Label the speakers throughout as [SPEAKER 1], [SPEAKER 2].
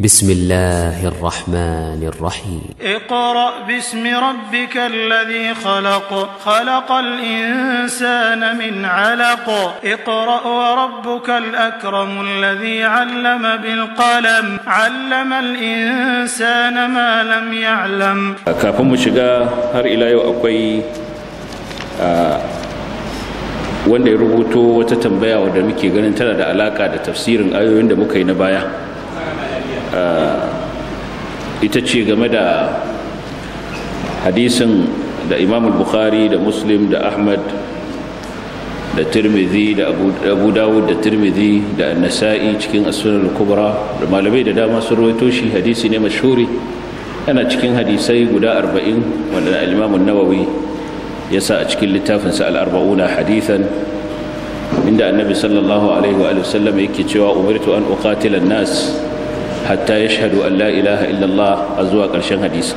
[SPEAKER 1] بسم الله الرحمن الرحيم اقرأ باسم ربك الذي خلق خلق الإنسان من علق اقرأ وربك الأكرم الذي علم بالقلم علم الإنسان ما لم يعلم كافم شقا هر إلى يو أكوي wanda ya rubuto wata tambaya wadda muke ganin tana da alaka da tafsirin Eh, ita ce game da hadisin da imam bukhari da muslim da ahmad da tirmidhi da abu dawud da tirmidhi da nasa'i cikin asunan kubra da malamai da dama sun rawaito shi hadisi ne mashuri yana cikin hadisai guda arba'in wanda alimamun nawawi ya sa a cikin littafinsa al'arba'una hadithan inda annabi sallallahu alaihi wa sallam yake cewa umirtu an uqatila nas hatta ya an allah ilaha illallah a zuwa ƙarshen hadisi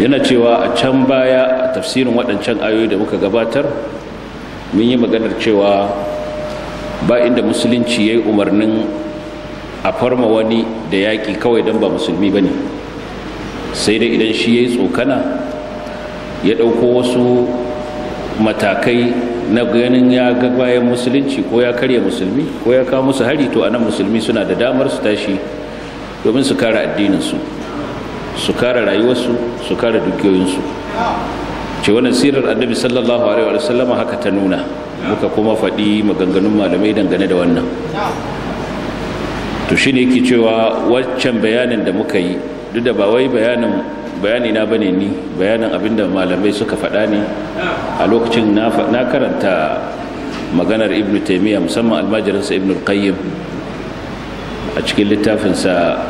[SPEAKER 1] yana cewa a can baya a tafsirin waɗancan ayoyi da muka gabatar mun yi maganar cewa ba inda musulunci ya yi umarnin a farma wani da yaƙi kawai don ba musulmi ba ne sai dai idan shi ya yi tsokana ya ɗauko wasu matakai na ganin ya ga bayan musulunci ko ya karya musulmi ko ya kawo musu hari to anan musulmi suna da damar su tashi domin su kara addininsu su kara rayuwarsu su kara dukiyoyinsu ce wannan sirar annabi sallallahu alaihi wa sallama haka ta nuna muka kuma faɗi maganganun malamai dangane da wannan to shine yake cewa waccan bayanin da muka yi duk da ba wai bayanin bayani na bane ni bayanin abinda malamai suka faɗa ne a lokacin na karanta maganar ibn taimiyya musamman almajirinsa ibn qayyim a cikin littafinsa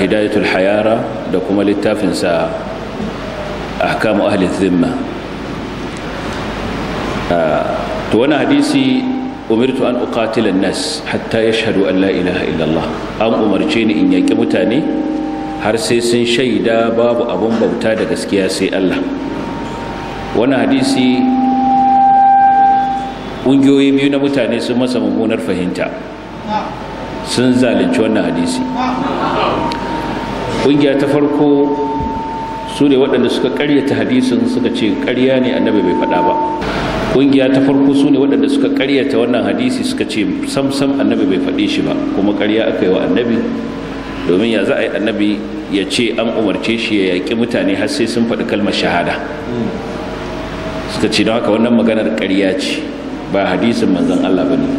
[SPEAKER 1] hidayatul hayara da kuma littafinsa ahkamu ahli zimma to wani hadisi umirtu an uqatila nas hatta yashhadu an la ilaha illallah an umarce ni in yaki mutane har sai sun shaida babu abun bauta da gaskiya sai Allah wani hadisi ƙungiyoyi biyu na mutane sun masa mummunar fahimta sun zalunci wannan hadisi ƙungiya ta farko su ne waɗanda suka ƙaryata hadisin suka ce ƙarya ne annabi bai faɗa ba ƙungiya ta farko su ne waɗanda suka ƙaryata wannan hadisi suka ce samsam annabi bai faɗe shi ba kuma ƙarya aka yi wa annabi domin ya za a yi annabi ya ce an umarce shi ya yaƙi mutane har sai sun faɗi kalmar shahada suka ce don haka wannan maganar ƙarya ce ba hadisin manzan Allah ba ne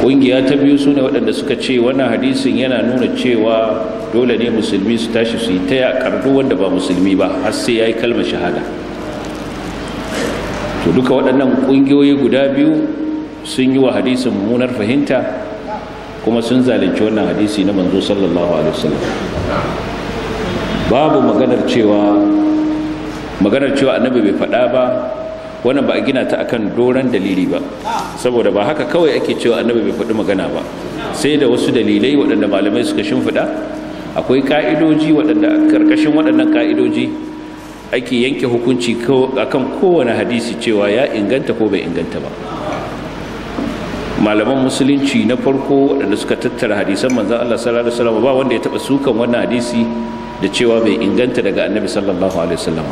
[SPEAKER 1] ƙungiya ta biyu su ne waɗanda suka ce wannan hadisin yana nuna cewa dole ne musulmi su tashi su yi ta yaƙar wanda ba musulmi ba har sai ya yi kalmar shahada to duka waɗannan ƙungiyoyi guda biyu sun yi wa hadisin mummunar fahimta kuma sun zalunci wannan hadisi na manzo sallallahu alaihi wasallam babu maganar cewa maganar cewa annabi bai faɗa ba wannan ba a gina ta akan doran dalili ba saboda ba haka kawai ake cewa annabi bai faɗi magana ba sai da wasu dalilai waɗanda malamai suka shimfiɗa akwai ka'idoji waɗanda karkashin waɗannan ka'idoji ake yanke hukunci akan kowane hadisi cewa ya inganta ko bai inganta ba malaman musulunci na farko waɗanda suka tattara hadisan manzan Allah sallallahu alaihi wasallam ba wanda ya taɓa sukan wannan hadisi da cewa bai inganta daga annabi sallallahu alaihi wasallam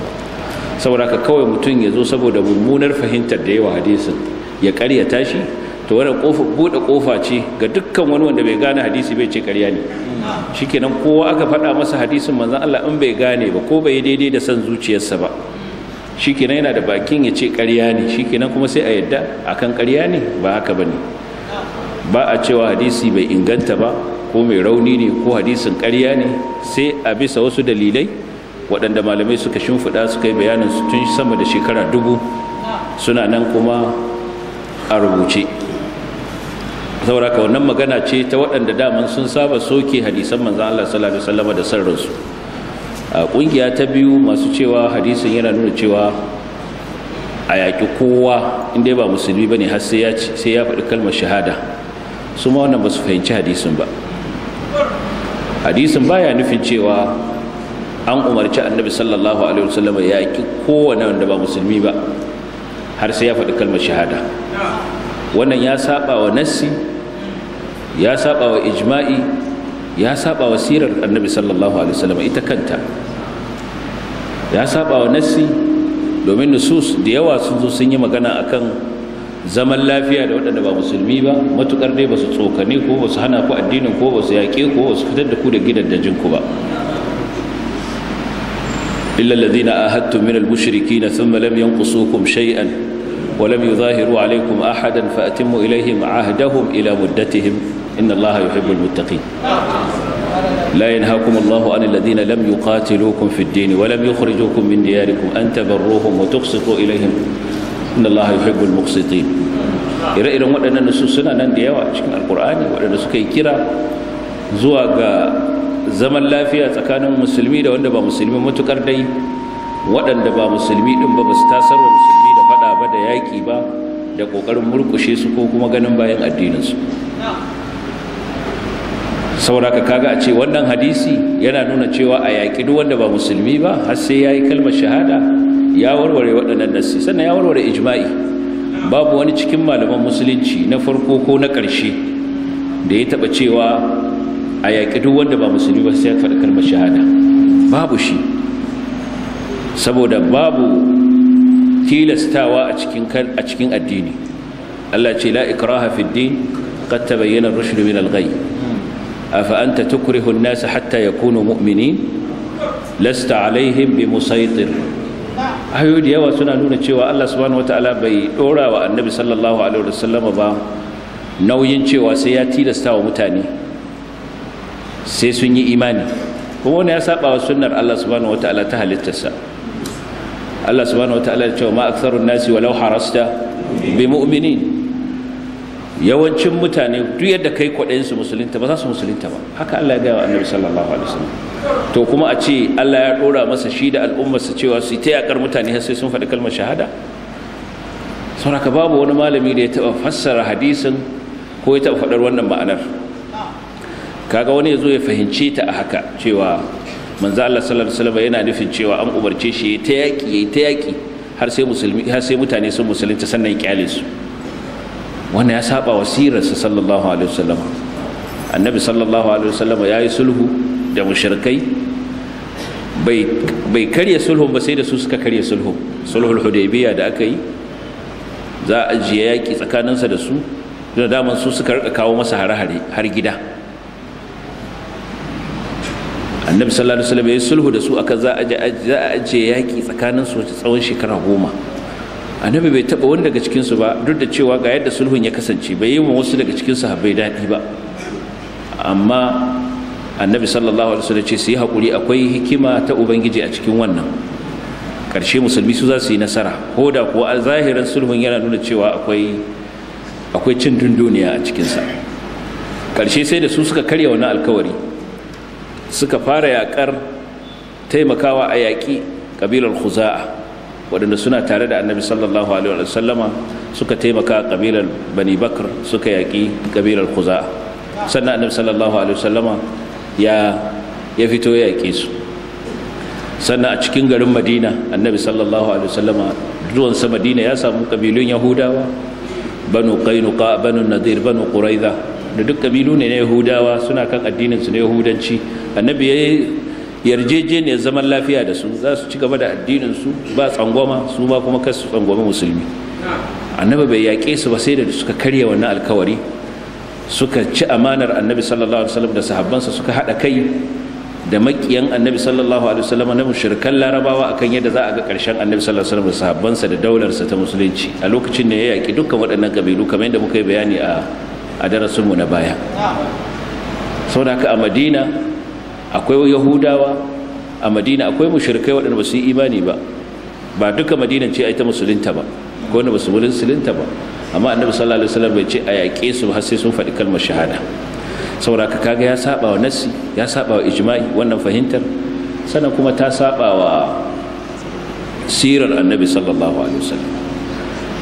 [SPEAKER 1] saboda ka kawai mutum ya zo saboda mummunar fahimtar da yawa hadisin ya ƙarya tashi to wannan kofa bude kofa ce ga dukkan wani wanda bai gane hadisi bai ce ƙarya ne shikenan kowa aka faɗa masa hadisin manzan Allah in bai gane ba ko bai daidai da san zuciyarsa ba shikenan yana da bakin ya ce ƙarya ne shikenan kuma sai a yadda kan ƙarya ne ba haka bane ba a cewa hadisi bai inganta ba ko mai rauni ne ko hadisin ƙarya ne sai a bisa wasu dalilai waɗanda malamai suka shimfiɗa suka yi bayanin su tun sama da shekara dubu suna nan kuma a rubuce saboda ka wannan magana ce ta waɗanda daman sun saba soke hadisan manzan Allah sallallahu alaihi wasallam da sarrinsu ƙungiya ta biyu masu cewa hadisin yana nuna cewa a yaƙi kowa inda ba musulmi ba ne har sai ya faɗi kalmar shahada su ma wannan ba su fahimci hadisin ba hadisin baya nufin cewa an umarci annabi sallallahu alaihi wasallam ya yaƙi kowane wanda ba musulmi ba har sai ya faɗi kalmar shahada wannan ya saba wa nassi ya saba wa ijma'i ya saba wa sirar annabi sallallahu alaihi wasallam ita kanta ya saba wa nassi domin nusus da yawa sun zo sun yi magana akan zaman lafiya da waɗanda ba musulmi ba matukar dai ba su tsokane ko ba su hana ku addinin ko ba su yaƙe ko ba su fitar da ku da gidajen ku ba illa alladhina ahadtum min al-mushrikeena thumma lam yanqusukum shay'an wa lam yudhahiru alaykum ahadan fa atimmu ilayhim ila muddatihim inna allaha yuhibbul muttaqin لا ينهاكم الله عن الذين لم يقاتلوكم في الدين ولم يخرجوكم من دياركم أن تبروهم وتقسطوا إليهم إن الله يحب المقسطين ire-iren waɗannan nasu suna nan da yawa cikin alkur'ani waɗanda suka yi kira zuwa ga zaman lafiya tsakanin musulmi da wanda ba musulmi matukar dai waɗanda ba musulmi ɗin ba ba su tasar wa musulmi da faɗa ba da yaƙi ba da ƙoƙarin murƙushe su ko kuma ganin bayan addininsu saboda ka kaga a ce wannan hadisi yana nuna cewa a yaƙi duk wanda ba musulmi ba har sai ya yi kalmar shahada ya warware waɗannan nassi sannan ya warware ijma'i babu wani cikin malaman musulunci na farko ko na ƙarshe da ya taɓa cewa a yaƙi duk wanda ba musulmi ba sai ya faɗi kalmar shahada babu shi saboda babu tilastawa a cikin addini Allah ce la ikraha fi din qad tabayyana ar-rushd min al-ghayy أفأنت تكره الناس حتى يكونوا مؤمنين لست عليهم بمسيطر ayoyi da yawa suna nuna cewa Allah subhanahu wataala bai dora wa annabi sallallahu alaihi wasallama ba nauyin cewa sai ya tilasta wa mutane sai sun yi imani kuma wani ya saba wa sunnar Allah subhanahu wataala ta halittarsa Allah subhanahu wataala ya ce ma harasta bi mu'minin yawancin mutane duk yadda kai kwaɗayin su musulunta ba za su musulunta ba haka Allah ya gaya wa annabi sallallahu alaihi wasallam to kuma a ce Allah ya ɗora masa shi da al'ummarsa cewa su ta yakar mutane har sai sun faɗi kalmar shahada ka babu wani malami da ya taɓa fassara hadisin ko ya taɓa faɗar wannan ma'anar kaga wani ya zo ya fahimce ta a haka cewa manzo Allah sallallahu alaihi wasallam yana nufin cewa an umarce shi ta ya ta yaki har sai musulmi har sai mutane sun musulunta sannan ya kyale su wannan ya saba wa sirarsa sallallahu alaihi wasallam annabi sallallahu alaihi wasallam ya yi sulhu da mushrikai bai karya sulhun ba sai da su suka karya sulhun sulhul hudaybiya da aka yi za a ajiye yaƙi tsakaninsa da su da daman su suka rika kawo masa hare-hare har gida annabi sallallahu alaihi wasallam ya yi sulhu da su Akan za a ajiye yaƙi tsakaninsu tsawon shekara goma annabi bai taba wani daga cikinsu ba duk da cewa ga yadda sulhun ya kasance bai yi wa wasu daga cikin sahabbai daɗi ba amma annabi sallallahu alaihi wasallam ce su yi hakuri akwai hikima ta ubangiji a cikin wannan karshe musulmi su za su yi nasara ko da kuwa a zahirin sulhun yana nuna cewa akwai akwai cin dunduniya a cikinsa karshe sai da su suka karya wani alkawari suka fara yaƙar taimakawa a yaƙi ƙabilar khuza'a waɗanda suna tare da annabi sallallahu alaihi wa sallama suka taimaka kabilar bani bakar suka yaƙi kabilar kuza'a sannan annabi sallallahu alaihi wa sallama ya ya fito ya yaƙe su sannan a cikin garin madina annabi sallallahu alaihi wa sallama zuwan sa madina ya samu kabilun yahudawa banu qainuqa banu nadir banu quraiza da duk kabilu ne na yahudawa suna kan addinin su na yahudanci annabi yayi yarjejeniyar zaman lafiya da su za su ci gaba da addinin su ba tsangwama su ba kuma kasu su musulmi annabi bai yaƙe su ba sai da suka karya wannan alkawari suka ci amanar annabi sallallahu alaihi wasallam da sahabbansa suka haɗa kai da makiyan annabi sallallahu alaihi wasallam na mushrikan larabawa akan yadda za a ga karshen annabi sallallahu alaihi wasallam da sahabbansa da daularsa ta musulunci a lokacin ne ya yaki dukkan waɗannan kabilu kamar yadda muka yi bayani a a darasinmu na baya saboda haka a madina akwai yahudawa a madina akwai mushirkai waɗanda ba su yi imani ba ba duka madinan ce ai ta musulunta ba ko wanda ba su musulunta ba amma annabi sallallahu alaihi wasallam bai ce a yaƙe su har sai sun faɗi kalmar shahada saboda ka kaga ya saba wa nassi ya saba wa ijma'i wannan fahimtar sannan kuma ta saba wa sirar annabi sallallahu alaihi wasallam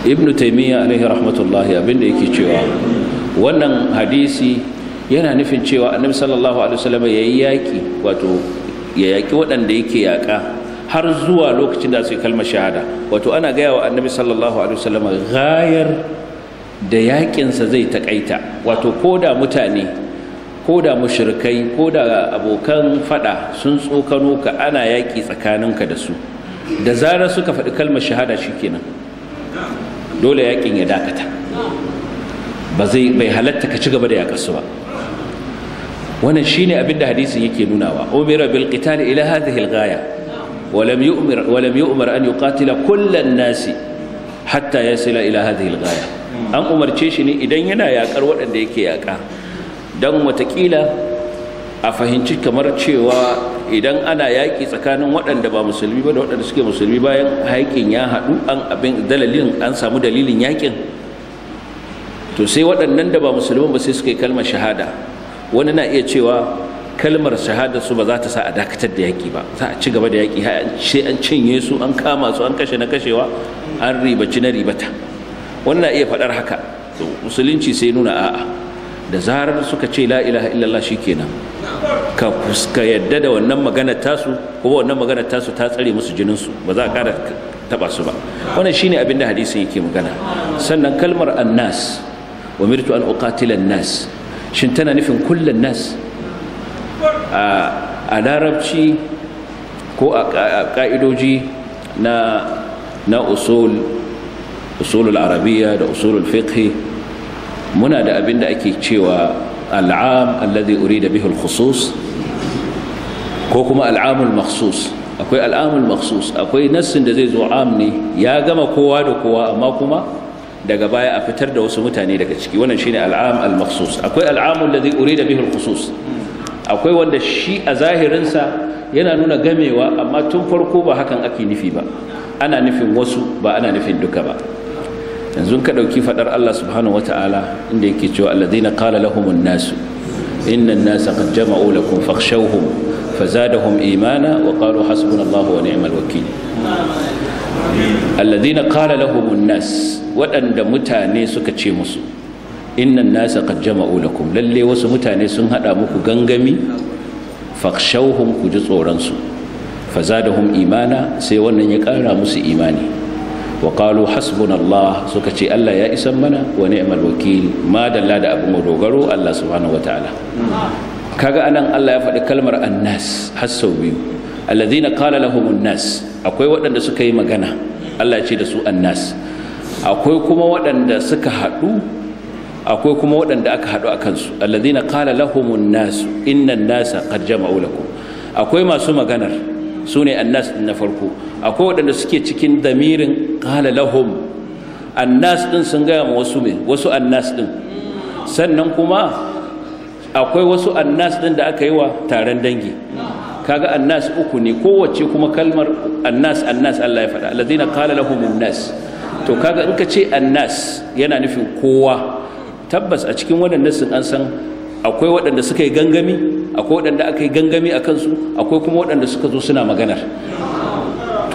[SPEAKER 1] ibnu taymiya alaihi rahmatullahi abinda yake cewa wannan hadisi yana nufin cewa annabi sallallahu alaihi wasallam ya yi yaƙi wato ya yaƙi waɗanda yake yaƙa har zuwa lokacin da su kalmar shahada wato ana gaya wa annabi sallallahu alaihi wasallam gayar da yaƙinsa zai taƙaita wato ko da mutane ko da mushrikai ko da abokan fada sun tsokano ka ana yaƙi tsakaninka da su da zarar suka faɗi kalmar shahada shikenan dole yaƙin ya dakata ba zai bai halatta ka ci gaba da yaƙarsu ba wannan shine abin da hadisin yake nunawa umira bil qital ila hadhihi al ghaya wa lam yu'mar wa lam yu'mar an yuqatila kullan nasi hatta yasila ila hadhihi al ghaya an umarce shi ne idan yana yakar waɗanda yake yaka dan watakila a fahimci kamar cewa idan ana yaƙi tsakanin waɗanda ba musulmi ba da waɗanda suke musulmi bayan haikin ya haɗu an abin dalilin an samu dalilin yaƙin to sai waɗannan da ba musulmi ba sai suka yi kalmar shahada wani na iya cewa kalmar shahada su ba za ta sa a dakatar da yaƙi ba za a ci gaba da yaƙi sai an cinye su an kama su an kashe na kashewa an ribaci na ribata Wani na iya faɗar haka musulunci sai nuna a'a da zarar suka ce la ilaha illallah shikenan ka fuska yadda da wannan magana tasu kuma wannan magana tasu ta tsare musu jinin su ba za a ƙara taba su ba wannan shine abin da hadisin yake magana sannan kalmar annas umirtu an uqatila annas shin tana nufin kullum nas a larabci ko a ƙa'idoji na na usul usulul arabiya da usulul fiqh muna da abin da ake cewa al'am alladhi urida bihi khusus ko kuma al'amul makhsus akwai al'amul makhsus akwai nassin da zai zo am ne ya gama kowa da kowa amma kuma daga baya a fitar da wasu mutane daga ciki wannan shine al'am al-makhsus akwai al'amul ladhi urida bihi al-khusus akwai wanda shi a zahirinsa yana nuna gamewa amma tun farko ba hakan ake nufi ba ana nufin wasu ba ana nufin duka ba yanzu ka dauki fadar Allah subhanahu wata'ala inda yake cewa alladhina qala lahumun nasu inna an-nasa qad jama'u lakum fakhshawhum fazadahum imana wa qalu hasbunallahu wa ni'mal wakeel alladhina qala lahumun nas waɗanda mutane suka ce musu innan nasa qad jama'u lakum lalle wasu mutane sun haɗa muku gangami fakhshawhum ku ji tsoron su fazadahum imana sai wannan ya kara musu imani wa hasbunallah suka ce Allah ya isan mana wa ni'mal wakil ma da abin dogaro Allah subhanahu wataala kaga anan Allah ya faɗi kalmar annas har biyu alladhina qala lahumun nas akwai waɗanda suka yi magana Allah ce da su annas akwai kuma waɗanda suka haɗu akwai kuma waɗanda aka haɗu a kansu alladhina qala lahumun nasu, innan nasa qad jama'u lakum akwai masu maganar su ne annas din na farko akwai waɗanda suke cikin damirin qala lahum annas din sun gaya ma wasu me wasu annas din sannan kuma akwai wasu annas din da aka yi wa taron dangi kaga annas uku ne kowace kuma kalmar annas annas Allah ya faɗa allazina qala lahum annas to kaga in ka ce annas yana nufin kowa tabbas a cikin waɗannan sun an san akwai waɗanda suka yi gangami akwai waɗanda aka yi gangami a kansu akwai kuma waɗanda suka zo suna maganar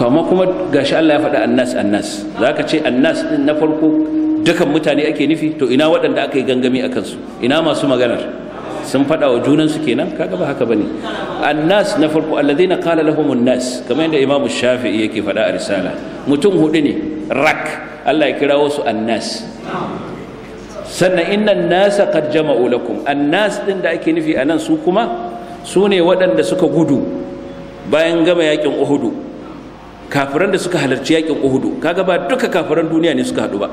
[SPEAKER 1] to amma kuma gashi Allah ya faɗa annas annas zaka ce annas din na farko dukan mutane ake nufi to ina waɗanda aka yi gangami a kansu ina masu maganar sun faɗa wa junansu kenan kaga ba haka bane annas na farko alladina kala lahum nas kamar yadda imam shafi'i yake faɗa a risala mutum hudu ne rak Allah ya kira wasu annas sannan innan nasa qad jama'u lakum annas din da ake nufi anan su kuma su ne waɗanda suka gudu bayan gama yakin uhudu kafiran da suka halarci yakin uhudu kaga ba duka kafiran duniya ne suka haɗu ba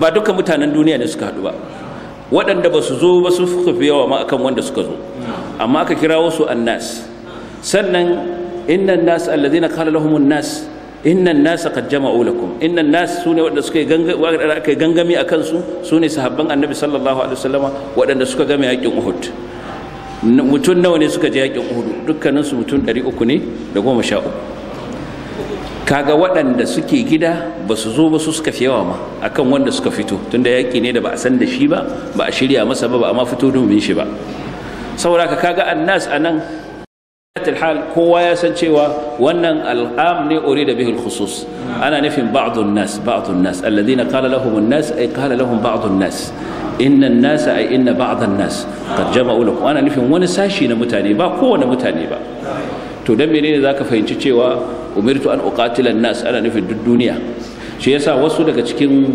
[SPEAKER 1] ba duka mutanen duniya ne suka haɗu ba waɗanda ba su zo ba su fi yawa ma akan wanda suka zo amma aka kira wasu annas sannan innan nas alladhina qala lahumun nas innan nas qad jama'u lakum innan nas sune waɗanda suka yi gangami a kansu sune sahabban annabi sallallahu alaihi wasallama waɗanda suka game yakin uhud Mutun nawa ne suka je yakin uhud dukkaninsu mutum ɗari uku ne da goma sha uku kaga waɗanda suke gida ba su zo ba su suka fi yawa ma akan wanda suka fito tunda yaƙi ne da ba a san da shi ba ba a shirya masa ba ba a ma fito domin shi ba saboda ka kaga annas anan hal kowa ya san cewa wannan al'am ne ore da bihul khusus ana nufin ba'dun nas ba'dun nas alladhina qala lahum an-nas ay qala lahum ba'dun nas inna an-nas ay inna ba'dan nas qad jama'u lakum ana nufin wani sashi na mutane ba kowane mutane ba to dan menene zaka fahimci cewa umirtu an uqatila nas ana nufin duk duniya shi yasa wasu daga cikin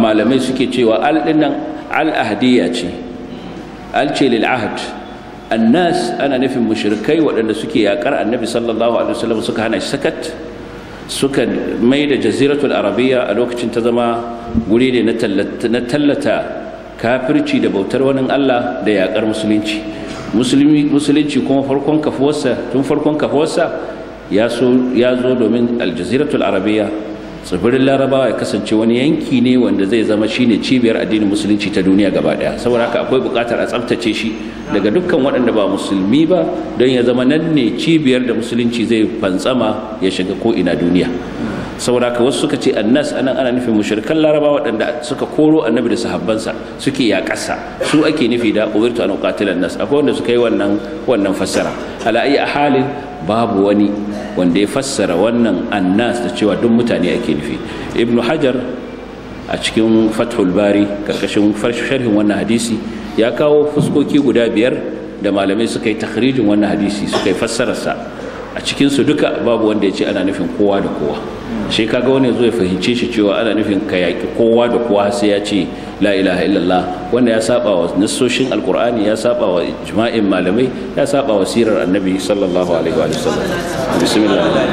[SPEAKER 1] malamai suke cewa al dinnan al ahdiyya ce al ce lil ahd annas ana nufin mushrikai waɗanda suke yakar annabi sallallahu alaihi wasallam suka hana shi sakat suka mai da jaziratul arabiya a lokacin ta zama guri ne na tallata kafirci da bautar wani allah da yakar musulunci musulunci kuma farkon kafuwarsa tun farkon kafuwarsa ya zo domin aljaziratul arabiya tsibirin larabawa ya kasance wani yanki ne wanda zai zama shine cibiyar addinin musulunci ta duniya gaba daya saboda haka akwai bukatar a tsabtace shi daga dukkan waɗanda ba musulmi ba don ya zama nan ne cibiyar da musulunci zai fantsama ya shiga ko ina duniya saboda haka wasu suka ce annas anan ana nufin mushrikan larabawa waɗanda suka koro annabi da sahabbansa suke ya ƙasa su ake nufi da umirtu an qatila nas akwai wanda suka yi wannan wannan fassara ala ayi halin babu wani wanda ya fassara wannan annas da cewa duk mutane ake nufi ibnu hajar a cikin fathul bari karkashin sharhin wannan hadisi ya kawo fuskoki guda biyar da malamai suka yi takhrijin wannan hadisi suka yi fassararsa a cikin su duka babu wanda ya ce ana nufin kowa da kowa shi kaga wani zo ya fahimce shi cewa ana nufin ka yaƙi kowa da kowa sai ya ce la ilaha illallah wanda ya saba wa nassoshin alkur'ani ya saba wa jima'in malamai ya saba wa sirar annabi sallallahu alaihi wa sallam bismillah